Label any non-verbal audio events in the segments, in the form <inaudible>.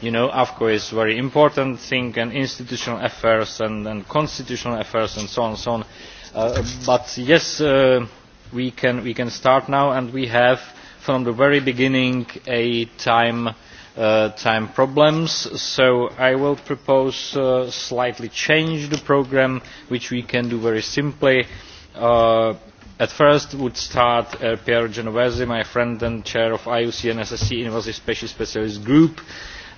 you know afco is a very important thing and institutional affairs and, constitutional affairs and so on and so on uh, but yes uh, we, can, start now and we have from the very beginning uh, time, problems so i will propose to slightly change the programme which we can do very simply at first would start Pierre Genovese, my friend and chair of IUCN SSC Invasive Species Specialist Group,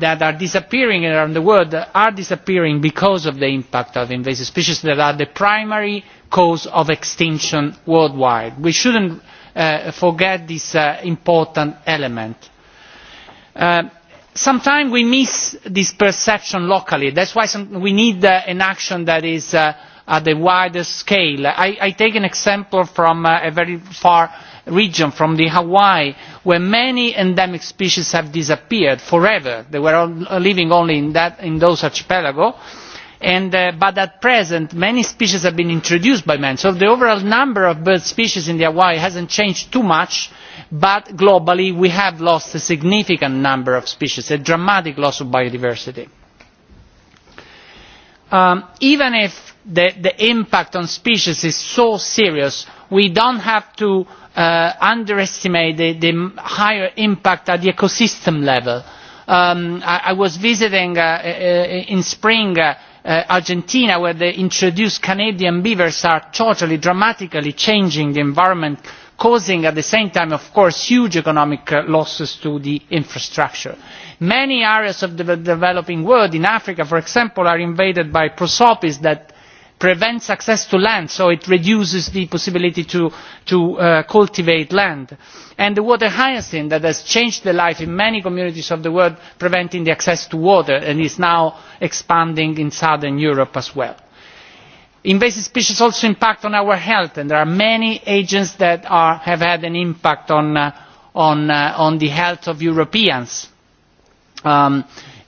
that are disappearing around the world are disappearing because of the impact of invasive species that are the primary cause of extinction worldwide. We should not uh, forget this uh, important element. Uh, sometimes we miss this perception locally. that is why we need an action that is at a wider scale. I, take an example from a very far region from the hawaii where many endemic species have disappeared forever they were uh, living only in, that, in those archipelagos uh, but at present many species have been introduced by man so the overall number of bird species in hawaii has not changed too much but globally we have lost a significant number of species a dramatic loss of biodiversity. Um, even if the, impact on species is so serious we do not have to Uh, underestimate the, the higher impact at the ecosystem level. Um, I, I was visiting uh, uh in spring uh, uh, Argentina where the introduced Canadian beavers are totally dramatically changing the environment causing at the same time of course huge economic uh, losses to the infrastructure. Many areas of the developing world in Africa for example are invaded by prosopis that prevents access to land so it reduces the possibility to, uh, cultivate land and the water hyacinth that has changed the life in many communities of the world preventing access to water and is now expanding in southern europe as well. invasive species also impact on our health and there are many agents that have had an impact uh, uh, on, the health of europeans. Um,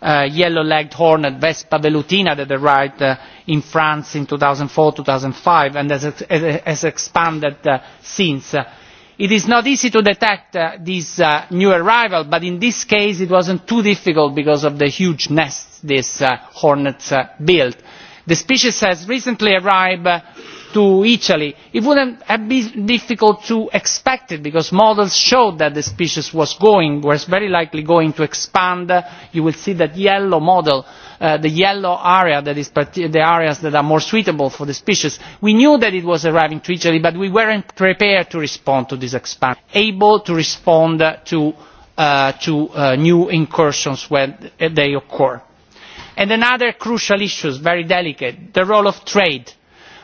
Uh, yellow-legged hornet Vespa velutina that arrived uh, in France in two thousand and four two thousand and five and has expanded uh, since. it is not easy to detect this new arrival, but in this case it was not too difficult because of the huge nests these hornets uh, built. The species has recently arrived to Italy, it wouldn't have been difficult to expect it because models showed that the species was going, was very likely going to expand. you will see that yellow model, uh, the yellow area that is the areas that are more suitable for the species. We knew that it was arriving to Italy, but we weren't prepared to respond to this expansion, able to respond to, uh, to uh, new incursions when they occur. And another crucial issue, very delicate, the role of trade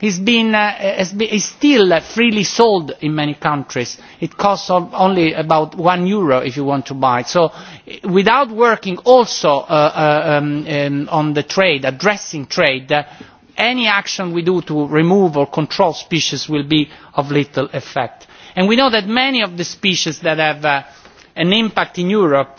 been, uh, is still uh, freely sold in many countries. It costs only about one euro if you want to buy it. So without working also uh, uh, um, um, on the trade, addressing trade, uh, any action we do to remove or control species will be of little effect. And we know that many of the species that have uh, an impact in Europe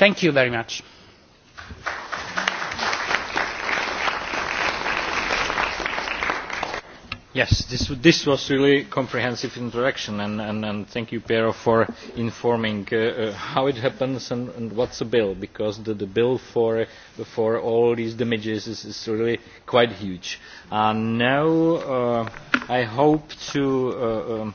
thank you very much. yes this, this was really comprehensive introduction and, and, and thank you piero for informing uh, uh, how it happens and, and what's the bill because the, the bill for, for all these damages is, is really quite huge. And uh, now uh, i hope to Uh, um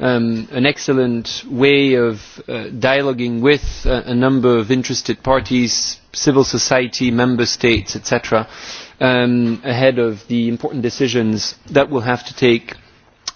um, an excellent way of uh, dialoguing with a, uh, a number of interested parties, civil society, member states, etc., um, ahead of the important decisions that we'll have to take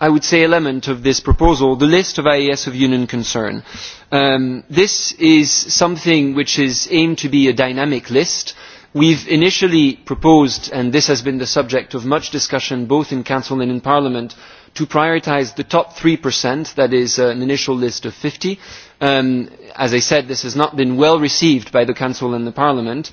i would say element of this proposal the list of ias of union concern. Um, this is something which is aimed to be a dynamic list. we have initially proposed and this has been the subject of much discussion both in council and in parliament to prioritise the top three that is uh, an initial list of fifty um, as i said this has not been well received by the council and parliament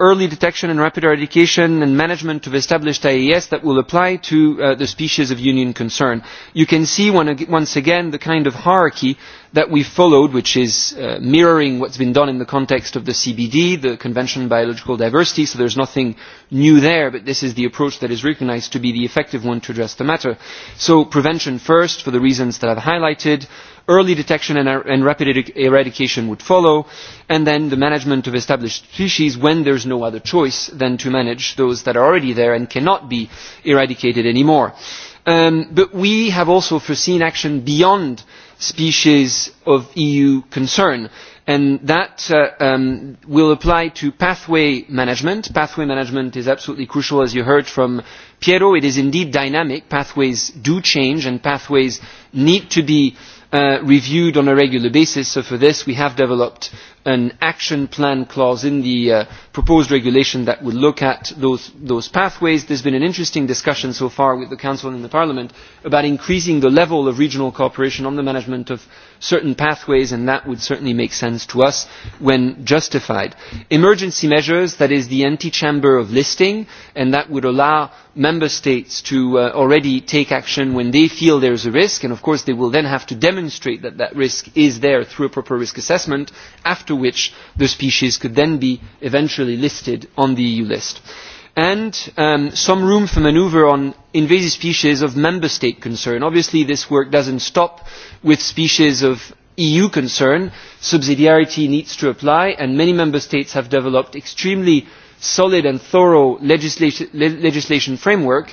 early detection and rapid eradication and management of established IAS that will apply to uh, the species of union concern. You can see one, once again the kind of hierarchy that we followed, which is uh, mirroring what's been done in the context of the CBD, the Convention on Biological Diversity, so there's nothing new there, but this is the approach that is recognized to be the effective one to address the matter. So prevention first, for the reasons that I've highlighted, early detection and, er and rapid eradication would follow, and then the management of established species when there's no other choice than to manage those that are already there and cannot be eradicated anymore. Um, but we have also foreseen action beyond species of EU concern and that uh, um, will apply to pathway management. Pathway management is absolutely crucial, as you heard from Piero. It is indeed dynamic. Pathways do change, and pathways need to be uh, Uh, reviewed on a regular basis. So for this, we have developed an action plan clause in the uh, proposed regulation that would look at those, those pathways. There's been an interesting discussion so far with the Council and the Parliament about increasing the level of regional cooperation on the management of certain pathways and that would certainly make sense to us when justified. Emergency measures, that is the antechamber of listing and that would allow member states to uh, already take action when they feel there is a risk and of course they will then have to demonstrate that that risk is there through a proper risk assessment after which the species could then be eventually listed on the EU list and um, some room for manoeuvre on invasive species of member state concern. obviously this work does not stop with species of eu concern. subsidiarity needs to apply and many member states have developed extremely solid and thorough legislat le legislation frameworks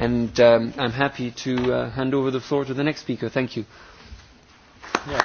And um, I'm happy to uh, hand over the floor to the next speaker. Thank you. Yeah.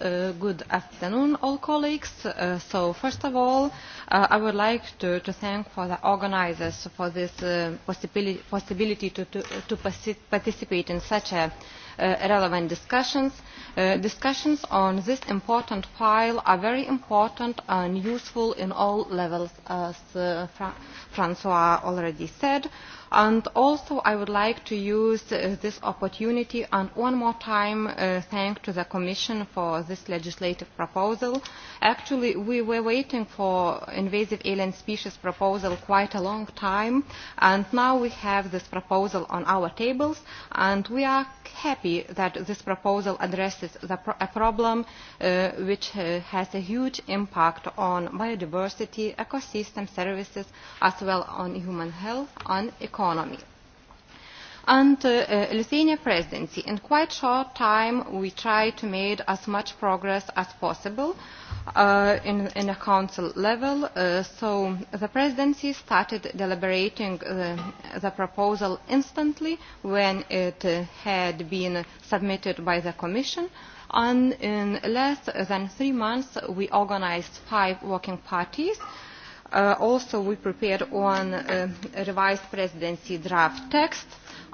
Uh, good afternoon, all colleagues. Uh, so, first of all, uh, I would like to, to thank for the organizers for this uh, possibility, possibility to, to, to participate in such a Uh, relevant discussions. Uh, discussions on this important file are very important and useful in all levels, as uh, Fra Francois already said. And also I would like to use uh, this opportunity and one more time uh, thank to the Commission for this legislative proposal. Actually, we were waiting for invasive alien species proposal quite a long time, and now we have this proposal on our tables, and we are happy that this proposal addresses the pro a problem uh, which uh, has a huge impact on biodiversity, ecosystem services, as well on human health and economy and uh, Lithuania presidency. In quite a short time, we tried to make as much progress as possible uh, at the council level. Uh, so the presidency started deliberating the proposal instantly when it uh, had been submitted by the commission and in less than three months we organised five working parties. also we prepared one revised presidency draft text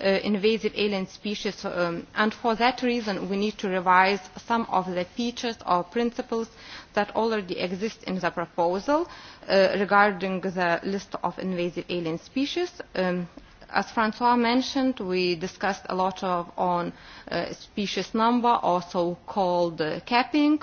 Uh, invasive alien species um, and for that reason we need to revise some of the features or principles that already exist in the proposal uh, regarding the list of invasive alien species. Um, as francois mentioned we discussed a lot of, on uh, species number also called uh, capping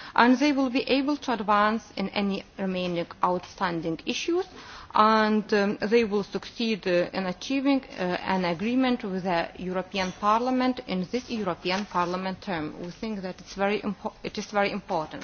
and they will be able to advance in any remaining outstanding issues and um, they will succeed uh, in achieving uh, an agreement with the European Parliament in this European Parliament term. We think that it's very it is very important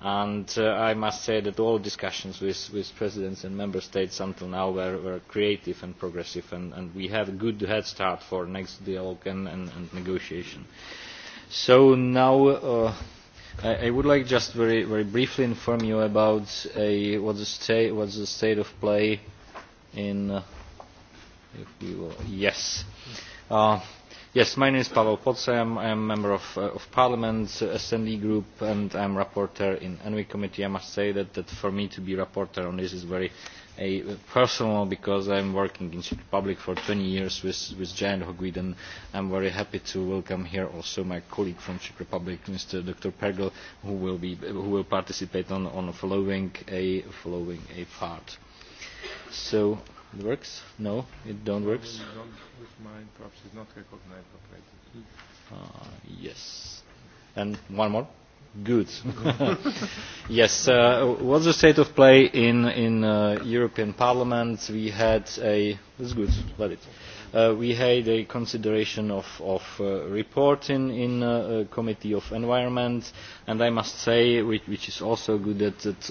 and uh, i must say that all discussions with, presidents and member states until now were, creative and progressive and, we have a good head start for next dialogue and, negotiation. so now uh, I, would like just very, briefly briefly inform you about what the state of play in uh, yes my name is Pavel Potse. i am a member of, uh, Parliament's uh, S&D group, and am rapporteur in ENVI committee. I must say that, for me to be rapporteur on this is very personal because I been working in the Czech Republic for 20 years with, with Giant Hogweed and am very happy to welcome here also my colleague from the Czech Republic, Mr. Dr. Pergel, who will, participate on, the following, a, following part. It works? No, it don't works. Don't, with mine, perhaps it's not recognized. Uh, yes. And one more. Good. <laughs> yes. Uh, what's the state of play in in uh, European Parliament? We had a. It's good. Let it. Uh, we had a consideration of of uh, report in in uh, committee of environment, and I must say, which, which is also good that. that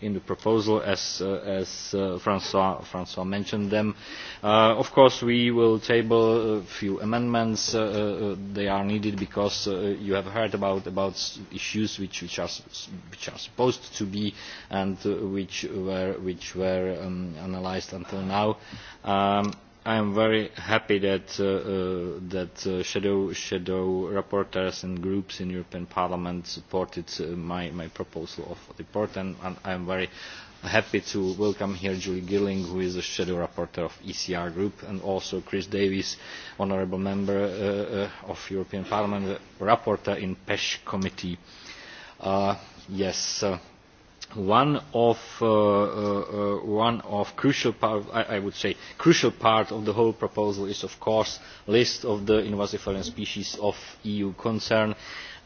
in the proposal as, uh, as uh, Francois, Francois mentioned them. Uh, of course, we will table a few amendments. Uh, uh, uh they are needed because uh, you have heard about, about issues which, which, are, which are supposed to be and uh, which were, which were um, analyzed until now. Um, I am very happy that, uh, uh, uh, shadow, rapporteurs and groups in European Parliament supported my, proposal of the report, and, I am very happy to welcome here Julie girling who is the shadow rapporteur of ECR Group, and also Chris Davies, honourable member of the of European Parliament, rapporteur in PECH committee. yes. Uh, uh, uh, one of crucial part, I, would say crucial part of the whole proposal is of course list of the invasive species of EU concern.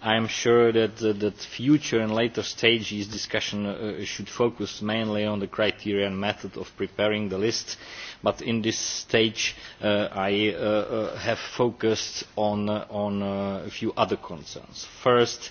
I am sure that uh, future and later stages discussion should focus mainly on the criteria and method of preparing the list, but in this stage I have focused on a few other concerns. First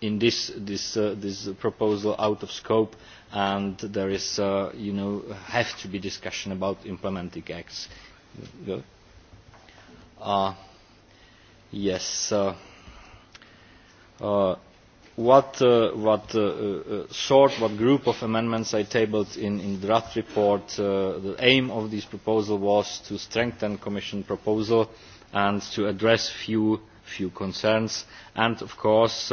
in uh, this, proposal out of scope and there is, uh, you know, have to be discussion about implementing acts. Uh, yes. what, what sort, what group of amendments I tabled in, the draft report, the aim of this proposal was to strengthen Commission proposal and to address few, few concerns and of course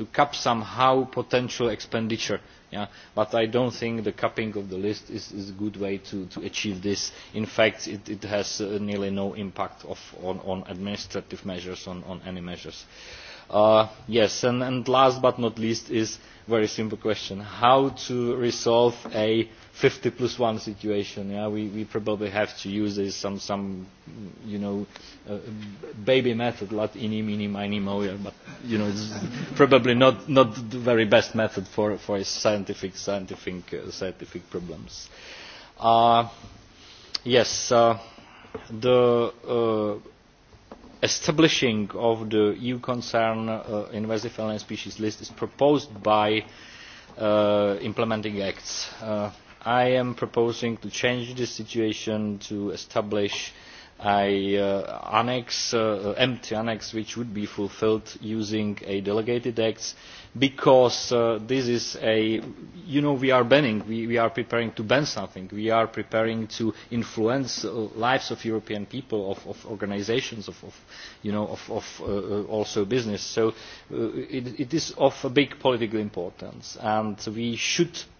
to cap somehow potential expenditure but i do not think the capping of the list is, a good way to, achieve this. in fact it, has uh, nearly no impact on, administrative measures on, any measures. Uh, yes and, last but not least is a very simple question how to resolve a 50 plus one situation. Yeah? We, we probably have to use this some, some you know, uh, baby method, lot ini, mini, mini, moya, but, you know, it's probably not, not the very best method for, for scientific, scientific, uh, scientific problems. Uh, yes, uh, the uh, establishing of the EU concern uh, invasive alien species list is proposed by uh, implementing acts. Uh, i am proposing to change the situation to establish an uh, annex, uh, empty annex which would be fulfilled using a delegated act because uh, this is a you know we are banning we, we are preparing to ban something we are preparing to influence uh, lives of european people of, of organisations of, of you know of, of uh, uh, also business so uh, it, it is of a big political importance and we should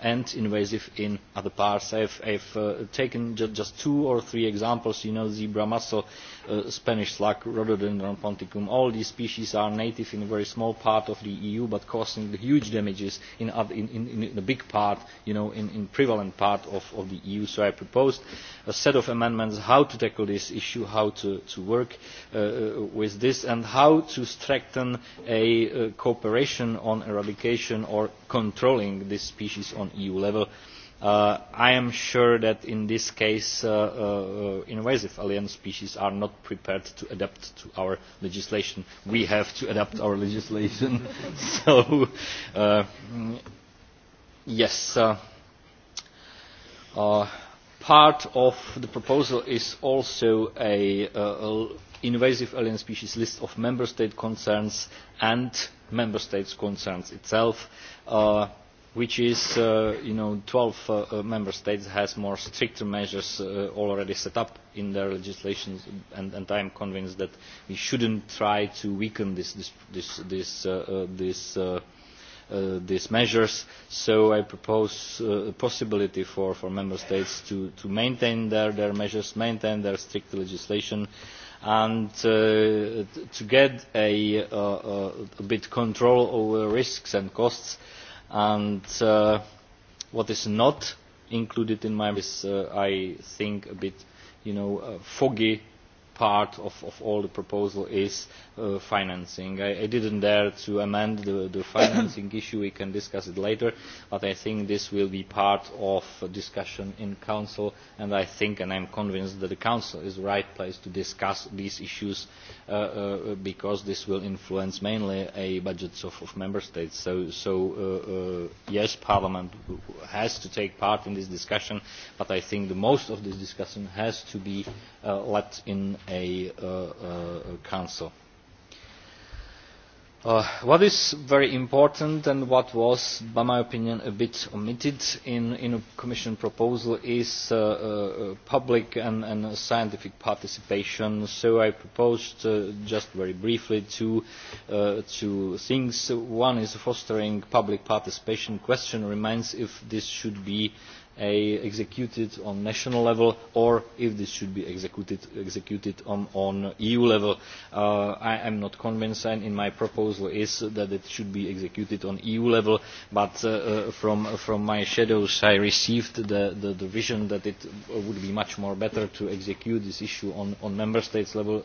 and invasive in other parts. i have uh, taken ju just two or three examples you know zebra mussel uh, spanish slug rhododendron ponticum. all these species are native in a very small part of the eu but causing huge damages in, other, in, in, in a big part you know in, in prevalent part of, of the eu so i proposed a set of amendments on how to tackle this issue how to, to work uh, uh with this and how to strengthen a, uh, cooperation on eradication or controlling this species on eu level. Uh, i am sure that in this case uh, uh, uh, invasive alien species are not prepared to adapt to our legislation. we have to adapt our legislation. <laughs> so uh, yes uh, part of the proposal is also an invasive alien species list of member state concerns and member states' concerns itself which is uh, you know 12 uh, uh, member states has more strict measures uh, already set up in their legislation and, I am convinced that we should not try to weaken these measures, so I propose uh, a possibility for, member states to, maintain their, their measures, maintain their strict legislation, and to get a, bit of control over risks and costs and uh, what is not included in my is uh, I think a bit you know uh, foggy part of, of all the proposal is uh, financing. I, I didn't dare to amend the, the <coughs> financing issue. We can discuss it later. But I think this will be part of a discussion in Council. And I think and I'm convinced that the Council is the right place to discuss these issues Uh, uh, because this will influence mainly the budgets of, of member states. So, so uh, uh, yes, Parliament has to take part in this discussion, but I think the most of this discussion has to be uh, led in a uh, uh, council. Uh, what is very important and what was in my opinion a bit omitted in the commission proposal is uh, uh, public and, scientific participation so i proposed just very briefly two, two things. one is fostering public participation. the question remains if this should be a, executed on national level or if this should be executed, executed on, on EU level. Uh, I am not convinced and in my proposal is that it should be executed on EU level but uh, uh, from, from my shadows I received the, the, the vision that it would be much more better to execute this issue on, on member states level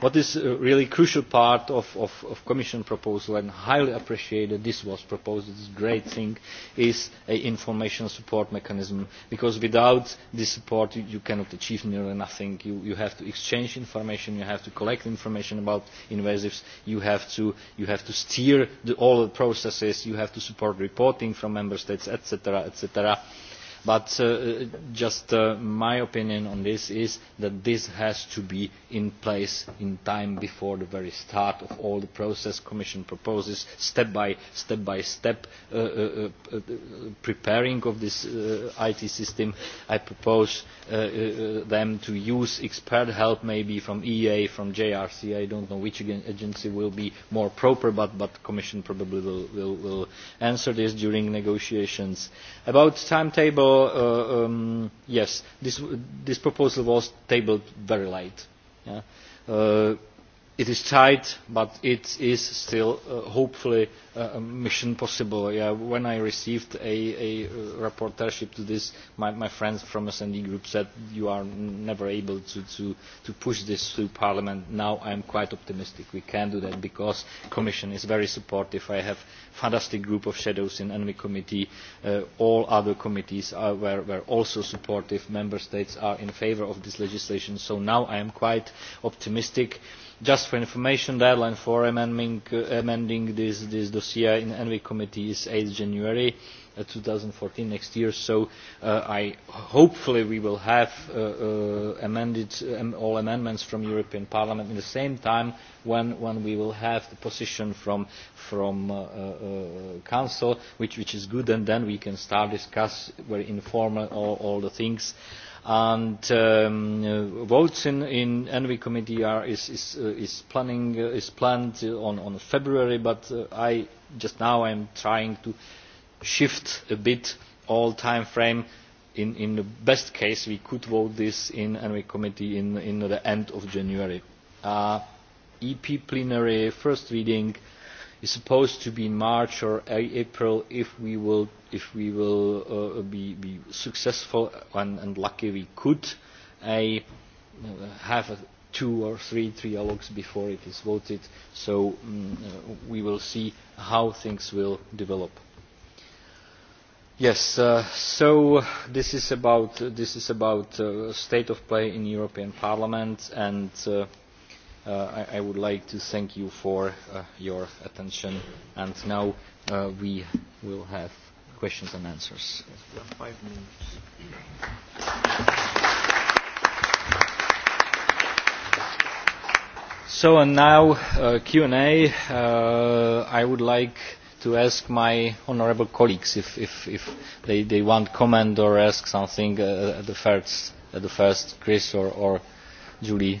what is a uh, really crucial part of the commission proposal and highly appreciated this was proposed it is a great thing is an information support mechanism because without this support you, cannot achieve nearly nothing. You, have to exchange information you have to collect information about invasives you have to, you have to steer all the processes you have to support reporting from member states etc. etc but uh, just uh, my opinion on this is that this has to be in place in time before the very start of all the process the commission proposes step by step by step uh, preparing of this it system i propose them to use expert help maybe from eea from jrc i do not know which agency will be more proper but the commission probably will, will, will answer this during negotiations. about the timetable Uh, um, yes this, proposal was tabled very late. Uh, it is tight but it is still uh, hopefully uh, a mission possible. when i received a, uh, rapporteurship to this my, friends from the d group said you are never able to, push this through parliament. now i am quite optimistic we can do that because the commission is very supportive. i have a fantastic group of shadows in the envi committee. all other committees were, also supportive. member states are in favour of this legislation so now i am quite optimistic just for information the deadline for amending, uh, this, dossier in the envi committee is eight january two thousand and fourteen next year so uh, hopefully we will have uh, amended um, all amendments from the european parliament at the same time when, we will have the position from the council which, is good and then we can start discussing very informally all the things and um, votes in in envi committee are is is uh, is planning uh, is planned on on february but uh, i just now i'm trying to shift a bit all time frame in in the best case we could vote this in envi committee in in the end of january uh, ep plenary first reading uh, is supposed to be in March or April if we will, if we will uh, be, be successful and, and lucky we could have a two or three trialogues before it is voted, so um, uh, we will see how things will develop. Yes, uh, so this is about, this is about uh, state of play in European Parliament and uh, uh, I, I would like to thank you for uh, your attention. And now uh, we will have questions and answers. Yes, we have five minutes. So and now uh, Q&A. Uh, I would like to ask my honourable colleagues if, if, if they, they want comment or ask something uh, at the first, at the first Chris or, or Julie.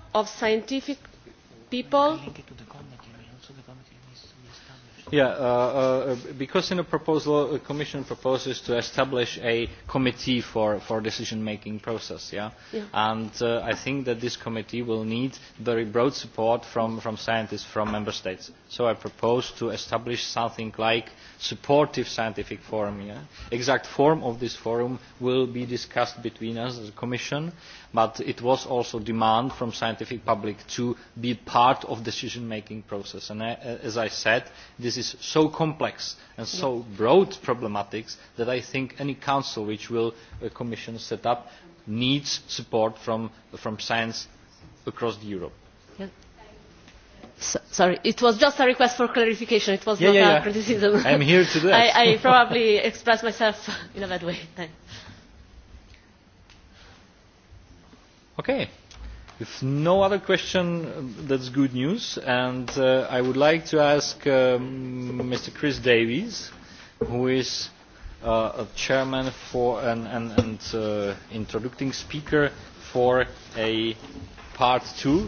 of scientific people Yeah, uh, uh, because in the proposal, the uh, Commission proposes to establish a committee for, for decision-making process, yeah? yeah? And uh, I think that this committee will need very broad support from, from scientists from member states. So I propose to establish something like supportive scientific forum, yeah? Exact form of this forum will be discussed between us as a Commission, but it was also demand from scientific public to be part of decision-making process. And I, uh, as I said, this is so complex and so broad problematic that i think any council which the uh, commission will set up needs support from, from science across europe. So, sorry it was just a request for clarification it was yeah, not yeah, a criticism. i am here today. <laughs> I, I probably expressed myself in a bad way. Thanks. okay. If no other question, uh, that's good news. And uh, I would like to ask Mr. Um, Chris Davies, who is uh, a chairman for and, introducing speaker for a part two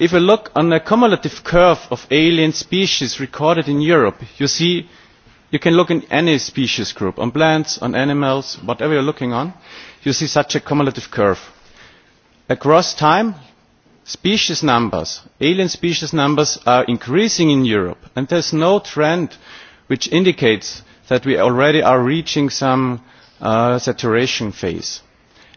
if you look at the cumulative curve of alien species recorded in europe you see you can look at any species group on plants on animals whatever you are looking at you see such a cumulative curve. across time species numbers alien species numbers are increasing in europe and there is no trend which indicates that we already are reaching some uh, saturation phase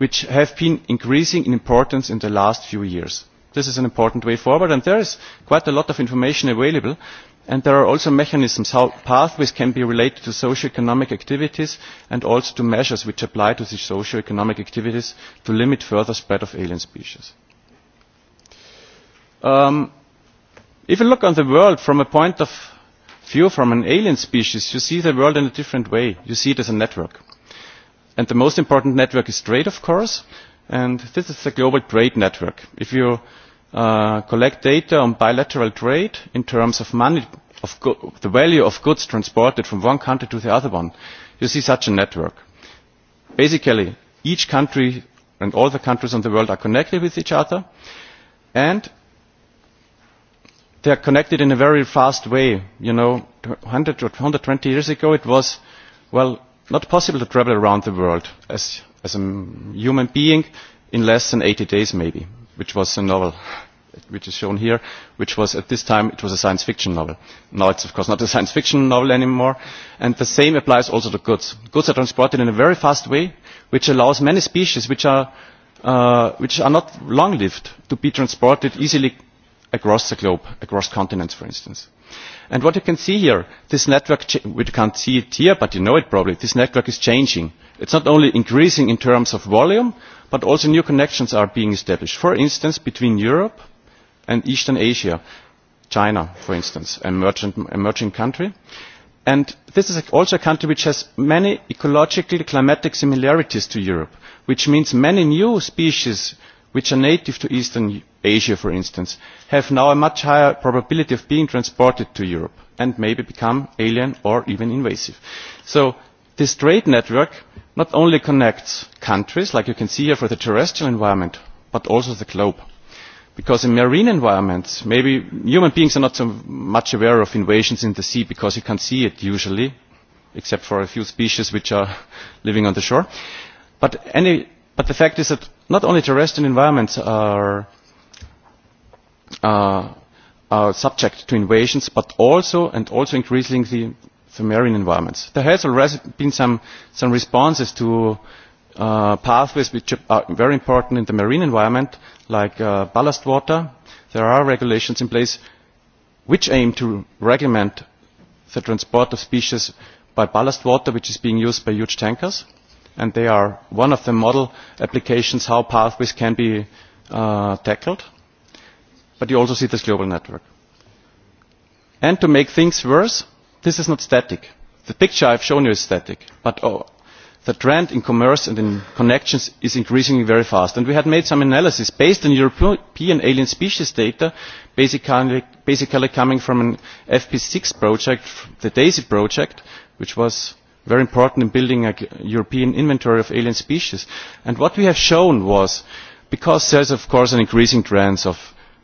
which have been increasing in importance in the last few years. this is an important way forward and there is quite a lot of information available and there are also mechanisms how pathways can be related to socio economic activities and also to measures which apply to these socio economic activities to limit further spread of alien species. Um, if you look at the world from a point of view from an alien species you see the world in a different way. you see it as a network and the most important network is trade of course and this is the global trade network. if you uh, collect data on bilateral trade in terms of money of the value of goods transported from one country to the other one you see such a network. basically each country and all the countries in the world are connected with each other and they are connected in a very fast way. you know one hundred or one hundred and twenty years ago it was well not possible to travel around the world as, as a human being in less than 80 days maybe, which was a novel which is shown here, which was at this time it was a science fiction novel. Now it's of course not a <laughs> science fiction novel anymore. And the same applies also to goods. Goods are transported in a very fast way, which allows many species which are, uh, which are not long-lived to be transported easily across the globe, across continents, for instance. And what you can see here, this network, we can't see it here, but you know it probably, this network is changing. It's not only increasing in terms of volume, but also new connections are being established. For instance, between Europe and Eastern Asia, China, for instance, an emerging, emerging country. And this is also a country which has many ecological climatic similarities to Europe, which means many new species which are native to Eastern asia for instance have now a much higher probability of being transported to europe and maybe become alien or even invasive. so this trade network not only connects countries like you can see here for the terrestrial environment but also the globe because in marine environments maybe human beings are not so much aware of invasions in the sea because you can't see it usually except for a few species which are <laughs> living on the shore but, any, but the fact is that not only terrestrial environments are uh, are subject to invasions, but also and also increasingly the marine environments. There has already been some, some responses to uh, pathways which are very important in the marine environment, like uh, ballast water. There are regulations in place which aim to regulate the transport of species by ballast water, which is being used by huge tankers. And they are one of the model applications how pathways can be uh, tackled but you also see this global network. And to make things worse, this is not static. The picture I've shown you is static, but oh, the trend in commerce and in connections is increasingly very fast. And we had made some analysis based on European alien species data, basically, basically coming from an FP6 project, the DAISY project, which was very important in building a European inventory of alien species. And what we have shown was, because there's of course an increasing trend of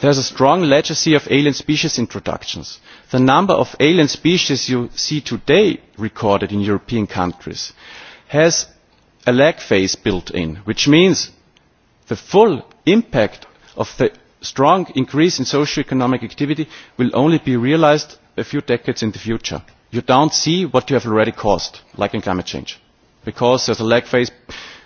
There is a strong legacy of alien species introductions. The number of alien species you see today recorded in European countries has a lag phase built in, which means the full impact of the strong increase in socio-economic activity will only be realised a few decades in the future. You don't see what you have already caused, like in climate change, because there is a lag phase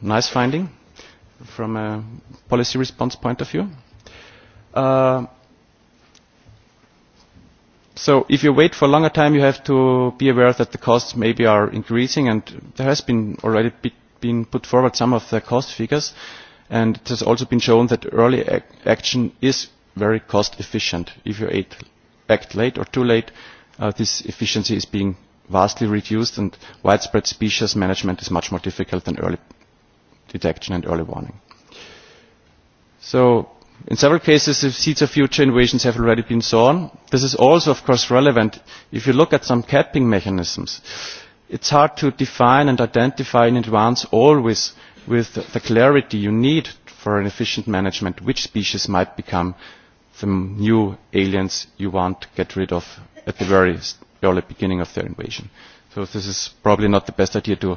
nice finding from a policy response point of view. Uh, so if you wait for a longer time, you have to be aware that the costs maybe are increasing, and there has been already be, been put forward some of the cost figures, and it has also been shown that early ac action is very cost efficient. If you act, act late or too late, uh, this efficiency is being vastly reduced, and widespread species management is much more difficult than early detection and early warning. So in several cases, the seeds of future innovations have already been sown. This is also, of course, relevant if you look at some capping mechanisms. It's hard to define and identify in advance always with the clarity you need for an efficient management which species might become the new aliens you want to get rid of at the very early beginning of their invasion. So this is probably not the best idea to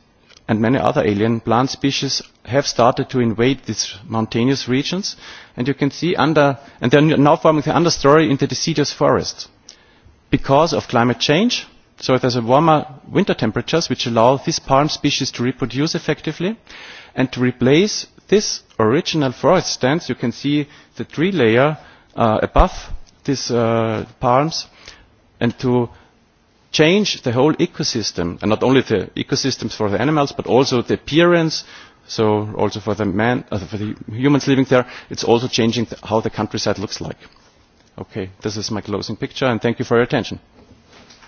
and many other alien plant species have started to invade these mountainous regions and you can see under and they are now forming the understory in the deciduous forest because of climate change so there's a warmer winter temperatures which allow this palm species to reproduce effectively and to replace this original forest stands you can see the tree layer uh, above these uh, palms and to change the whole ecosystem and not only the ecosystems for the animals but also the appearance so also for the man uh, for the humans living there it's also changing the, how the countryside looks like okay this is my closing picture and thank you for your attention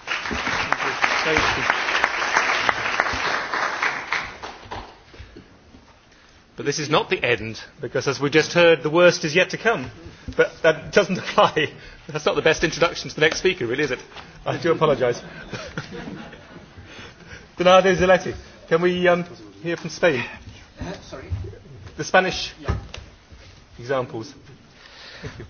thank you. Thank you. But this is not the end, because as we just heard, the worst is yet to come. But that doesn't <laughs> apply. That's not the best introduction to the next speaker, really, is it? I do apologize <laughs> Bernardo zeletti can we um, hear from Spain? Uh, sorry? The Spanish yeah. examples.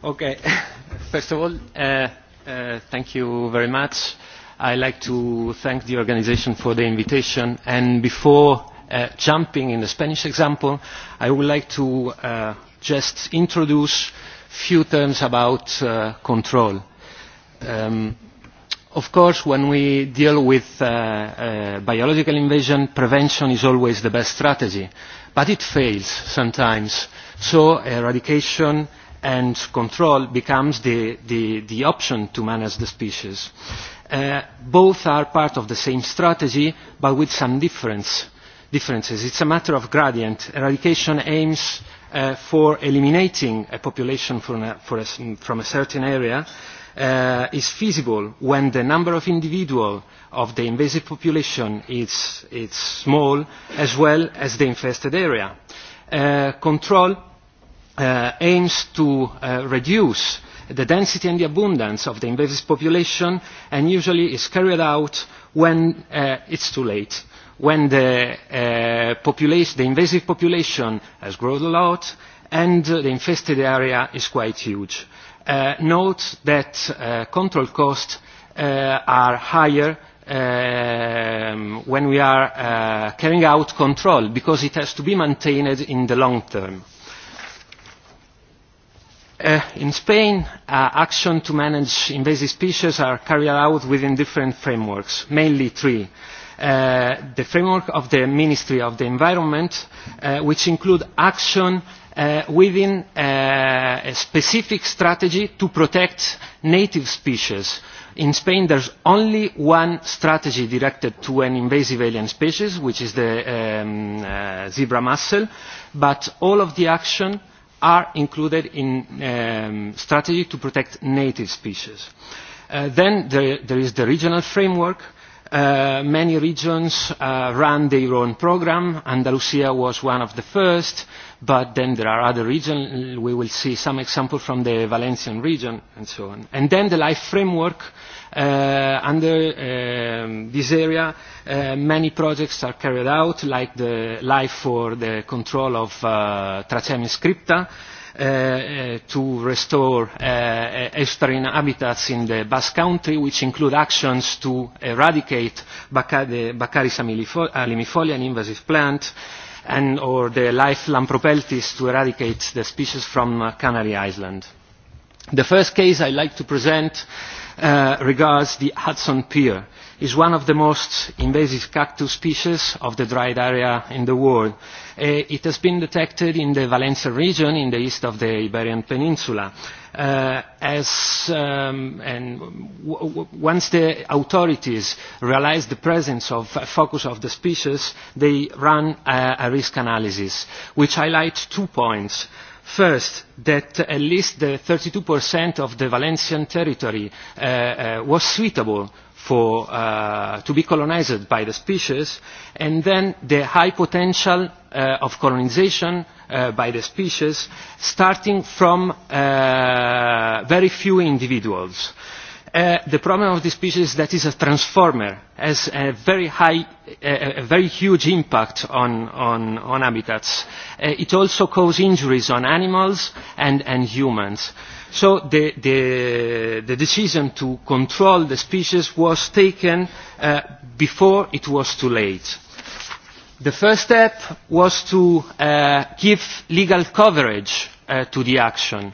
Okay. <laughs> First of all, uh, uh, thank you very much. I'd like to thank the organization for the invitation. And before Uh, jumping in the Spanish example, I would like to uh, just introduce few terms about uh, control. Um, of course, when we deal with biological invasion, prevention is always the best strategy, but it fails sometimes. So eradication and control becomes the, the, the option to manage the species. Uh, both are part of the same strategy, but with some difference differences. It's a matter of gradient. Eradication aims uh, for eliminating a population from a, for a, from a certain area uh, is feasible when the number of individuals of the invasive population is, is small as well as the infested area. Uh, control uh, aims to uh, reduce the density and the abundance of the invasive population and usually is carried out when uh, it's too late when the uh, population, the invasive population has grown a lot and uh, the infested area is quite huge. Uh, note that uh, control costs uh, are higher um, when we are uh, carrying out control because it has to be maintained in the long term. Uh, in Spain, uh, action to manage invasive species are carried out within different frameworks, mainly three. Uh, Uh, the framework of the Ministry of the Environment, uh, which include action uh, within uh, a specific strategy to protect native species. In Spain, there's only one strategy directed to an invasive alien species, which is the um, uh, zebra mussel, but all of the action are included in um, strategy to protect native species. Uh, then there, there is the regional framework, Uh, many regions uh, run their own program. Andalusia was one of the first, but then there are other regions. We will see some examples from the Valencian region and so on. And then the life framework uh, under um, this area, uh, many projects are carried out, like the life for the control of uh, Tracemia scripta, uh, to restore uh, eh, estuarine habitats in the Basque Country, which include actions to eradicate Baca the Baccharis alimifolia, an invasive plant, and or the life Lampropeltis to eradicate the species from uh, Canary Island the first case i would like to present uh, regards the hudson pier. it is one of the most invasive cactus species of the dried area in the world. Uh, it has been detected in the valencia region in the east of the iberian peninsula. Uh, as, um, and once the authorities realise the presence of a uh, focus of the species they ran a, a risk analysis which highlights two points First, that at least the 32% of the Valencian territory uh, uh, was suitable for, uh, to be colonized by the species, and then the high potential uh, of colonization uh, by the species starting from uh, very few individuals. Uh, Uh, the problem of this species is that it is a transformer, it has a very high, a, a very huge impact on, on, on habitats. Uh, it also causes injuries on animals and, and humans. So the, the, the decision to control the species was taken uh, before it was too late. The first step was to uh, give legal coverage uh, to the action.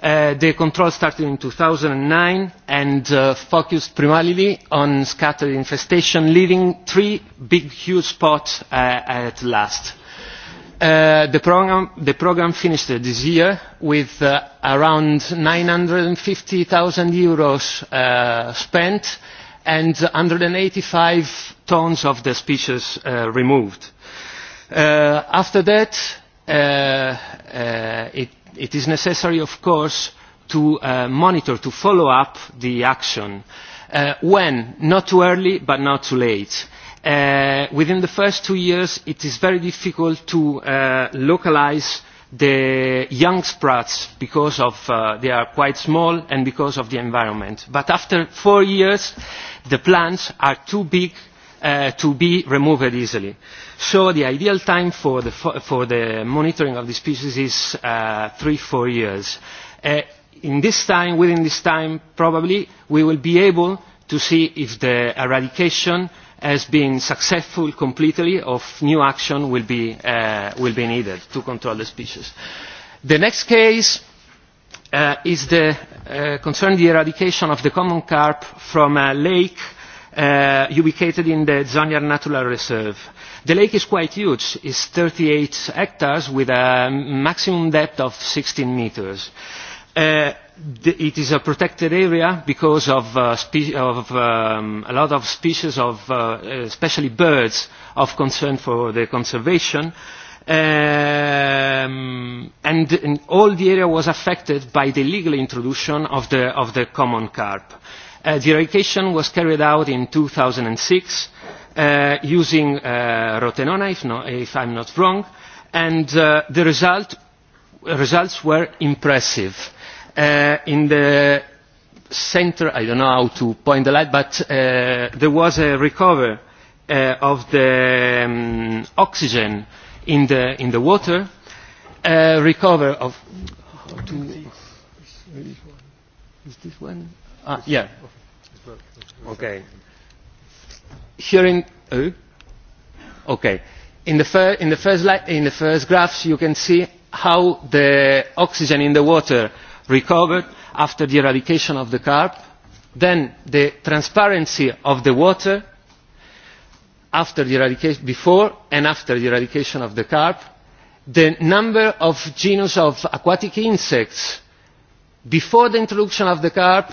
Uh, the controls started in two thousand and nine and uh, focused primarily on scattered infestation leaving three big huge spots uh, at last. the programme finished this year with around eur nine hundred and fifty zero spent and one hundred and eighty five tonnes of the species removed. after that it is necessary of course to uh, monitor to follow up the action uh, when not too early but not too late uh, within the first two years it is very difficult to uh, localize the young sprouts because of, uh, they are quite small and because of the environment. But after four years, the plants are too big Uh, to be removed easily. so the ideal time for the, for the monitoring of the species is uh, three to four years. Uh, in this time, within this time probably we will be able to see if the eradication has been successful completely or if new action will be, uh, will be needed to control the species. the next case uh, is the, concerning the eradication of the common carp from a lake uh, ubicated in the Zanyar Natural Reserve. The lake is quite huge. It's 38 hectares with a maximum depth of 16 meters. Uh, the, it is a protected area because of, uh, spe of um, a lot of species of, uh, especially birds, of concern for the conservation. Um, and, and all the area was affected by the legal introduction of the, of the common carp. Uh, Uh, the eradication was carried out in 2006 uh, using uh, rotenona, if, not, if I'm not wrong, and uh, the result, results were impressive. Uh, in the center, I don't know how to point the light, but uh, there was a recovery uh, of the um, oxygen in the, in the water, uh, recover of... is this one? Ah, yeah. Okay. Hearing. Uh, okay. In the, fir in, the first in the first graphs, you can see how the oxygen in the water recovered after the eradication of the carp, then the transparency of the water after the eradication, before and after the eradication of the carp, the number of genus of aquatic insects before the introduction of the carp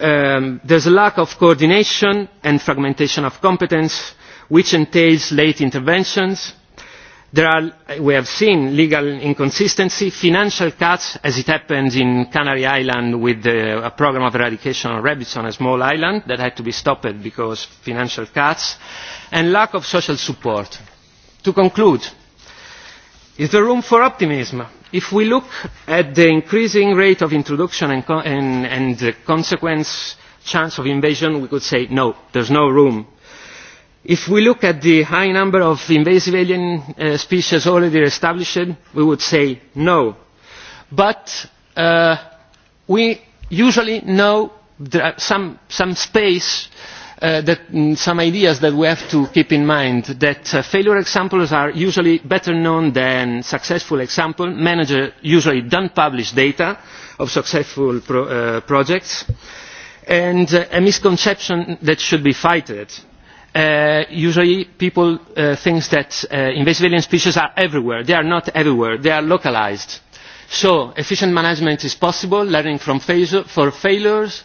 Um, there is a lack of coordination and fragmentation of competence which entails late interventions. there are we have seen legal inconsistency financial cuts as happened in canary islands with the, a programme of eradication of rabies on a small island that had to be stopped because of financial cuts and lack of social support. to conclude is there room for optimism? if we look at the increasing rate of introduction and, and, and the consequent chance of invasion we could say no there is no room. if we look at the high number of invasive alien uh, species already established we would say no but uh, we usually know there some, some space uh, Uh, mm, some ideas that we have to keep in mind that uh, failure examples are usually better known than successful examples. managers usually do not publish data of successful uh, projects and a misconception that should be fighted. usually people think that invasive invasive species are everywhere. they are not everywhere they are localised. so efficient management is possible learning from failures